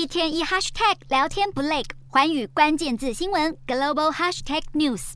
一天一 hashtag 聊天不累，寰宇關鍵字新聞 global hashtag news。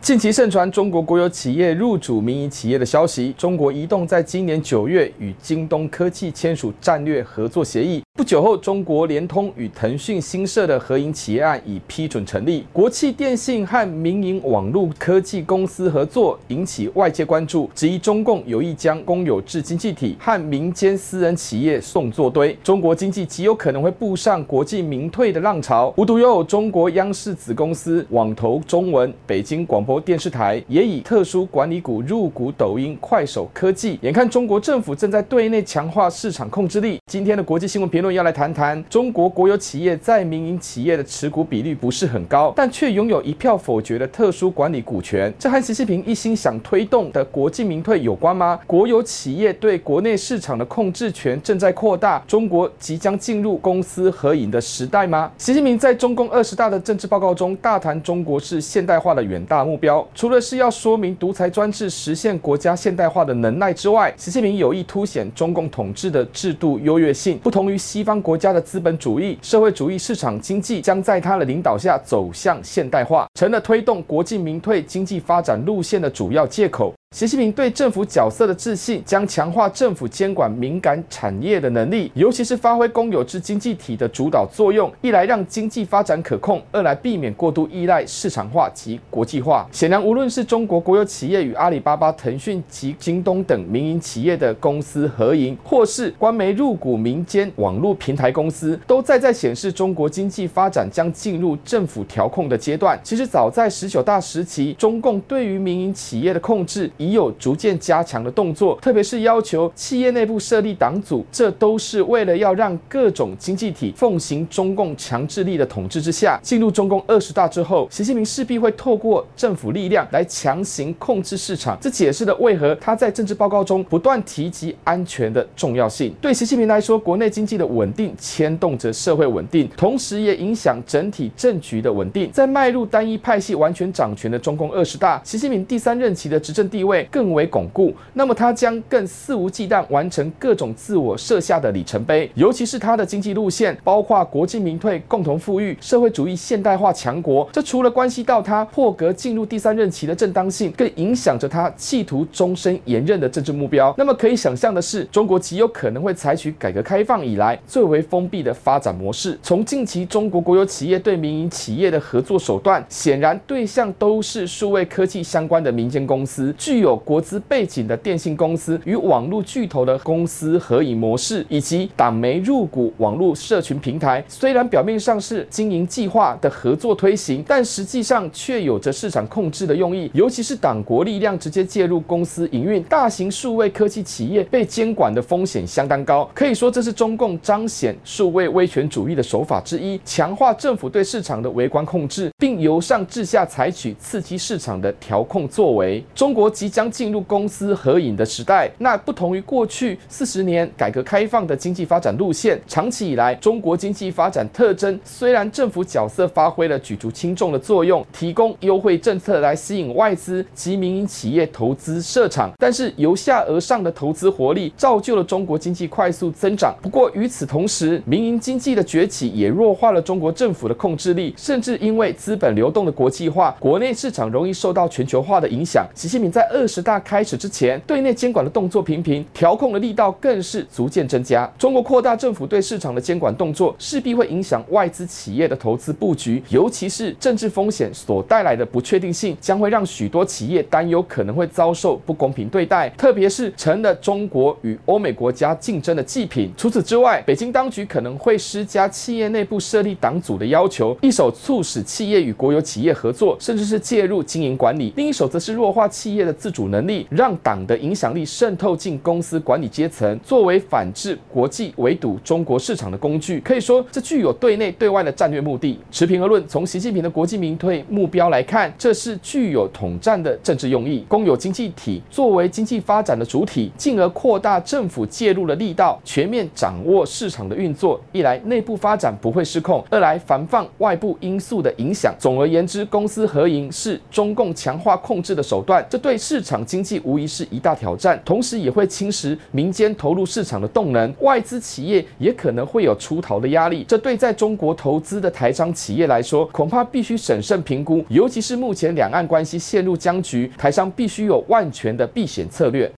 近期盛傳中國國有企業入主民營企業的消息，中國移動在今年九月與京東科技簽署戰略合作協議。不久後，中國聯通與騰訊新設的合營企業案已批准成立。國企電信和民營網絡科技公司合作，引起外界關注，質疑中共有意將公有制經濟體和民間私人企業送作堆。中國經濟極有可能會步上國進民退的浪潮。無獨有偶，中國央視子公司網投中文、北京廣播電視台也以特殊管理股入股抖音、快手科技。眼看中國政府正在對內強化市場控制力，今天的國際新聞評論。要來談談中國國有企業在民營企業的持股比例不是很高，但卻擁有一票否決的特殊管理股權，這和習近平一心想推動的國進民退有關嗎？國有企業對國內市場的控制權正在擴大，中國即將進入公私合營的時代嗎？習近平在中共二十大的政治報告中大談中國是現代化的遠大目標，除了是要說明獨裁專制實現國家現代化的能耐之外，習近平有意凸顯中共統治的制度優越性，不同於西方國家的資本主義、社會主義市場經濟，將在他的領導下走向現代化，成了推動國進民退經濟發展路線的主要借口。習近平對政府角色的自信，將強化政府監管敏感產業的能力，尤其是發揮公有制經濟體的主導作用，一來讓經濟發展可控，二來避免過度依賴市場化及國際化。顯然，無論是中國國有企業與阿里巴巴、騰訊及京東等民營企業的公私合營，或是官媒入股民間網絡平台公司，都在在顯示中國經濟發展將進入政府調控的階段。其實，早在十九大時期，中共對於民營企業的控制，已有逐漸加強的動作，特別是要求企業內部設立黨組，這都是為了要讓各種經濟體奉行中共強制力的統治之下。進入中共二十大之後，習近平勢必會透過政府力量來強行控制市場。這解釋了為何他在政治報告中不斷提及安全的重要性。對習近平來說，國內經濟的穩定牽動着社會穩定，同時也影響整體政局的穩定。在邁入單一派系完全掌權的中共二十大，習近平第三任期的執政地位。位更為鞏固，那麼他將更肆無忌憚完成各種自我設下的里程碑，尤其是他的經濟路線，包括國進民退、共同富裕、社會主義現代化強國。這除了關係到他破格進入第三任期的正當性，更影響着他企圖終身延任的政治目標。那麼可以想象的是，中國極有可能會採取改革開放以來最為封閉的發展模式。從近期中國國有企業對民營企業的合作手段，顯然對象都是數位科技相關的民間公司。具有國資背景的電信公司與網絡巨頭的公司合營模式，以及黨媒入股網絡社群平台，雖然表面上是經營計劃的合作推行，但實際上卻有着市場控制的用意。尤其是黨國力量直接介入公司營運，大型數位科技企業被監管的風險相當高。可以說，這是中共彰顯數位威權主義的手法之一，強化政府對市場的微觀控制，並由上至下採取刺激市場的調控作為。中國即將進入公私合營的時代。那不同於過去四十年改革開放的經濟發展路線，長期以來中國經濟發展特徵，雖然政府角色發揮了舉足輕重的作用，提供優惠政策來吸引外資及民營企業投資設廠，但是由下而上的投資活力造就了中國經濟快速增長。不過與此同時，民營經濟的崛起也弱化了中國政府的控制力，甚至因為資本流動的國際化，國內市場容易受到全球化的影響。習近平在。二十大開始之前，對內監管的動作頻頻，調控的力道更是逐漸增加。中國擴大政府對市場的監管動作，勢必會影響外資企業的投資佈局，尤其是政治風險所帶來的不確定性，將會讓許多企業擔憂可能會遭受不公平對待，特別是成了中國與歐美國家競爭的祭品。除此之外，北京當局可能會施加企業內部設立黨組的要求，一手促使企業與國有企業合作，甚至是介入經營管理，另一手則是弱化企業的。自主能力，讓黨的影響力滲透進公司管理階層，作為反制國際圍堵中國市場的工具。可以說，這具有對內對外的戰略目的。持平而論，從習近平的國進民退目標來看，這是具有統戰的政治用意。公有經濟體作為經濟發展的主體，進而擴大政府介入的力道，全面掌握市場的運作。一來內部發展不會失控，二來防範外部因素的影響。總而言之，公私合營是中共強化控制的手段。這對市市場經濟無疑是一大挑戰，同時也會侵蝕民間投入市場的動能，外資企業也可能會有出逃的壓力。這對在中國投資的台商企業來說，恐怕必須審慎評估，尤其是目前兩岸關係陷入僵局，台商必須有萬全的避險策略。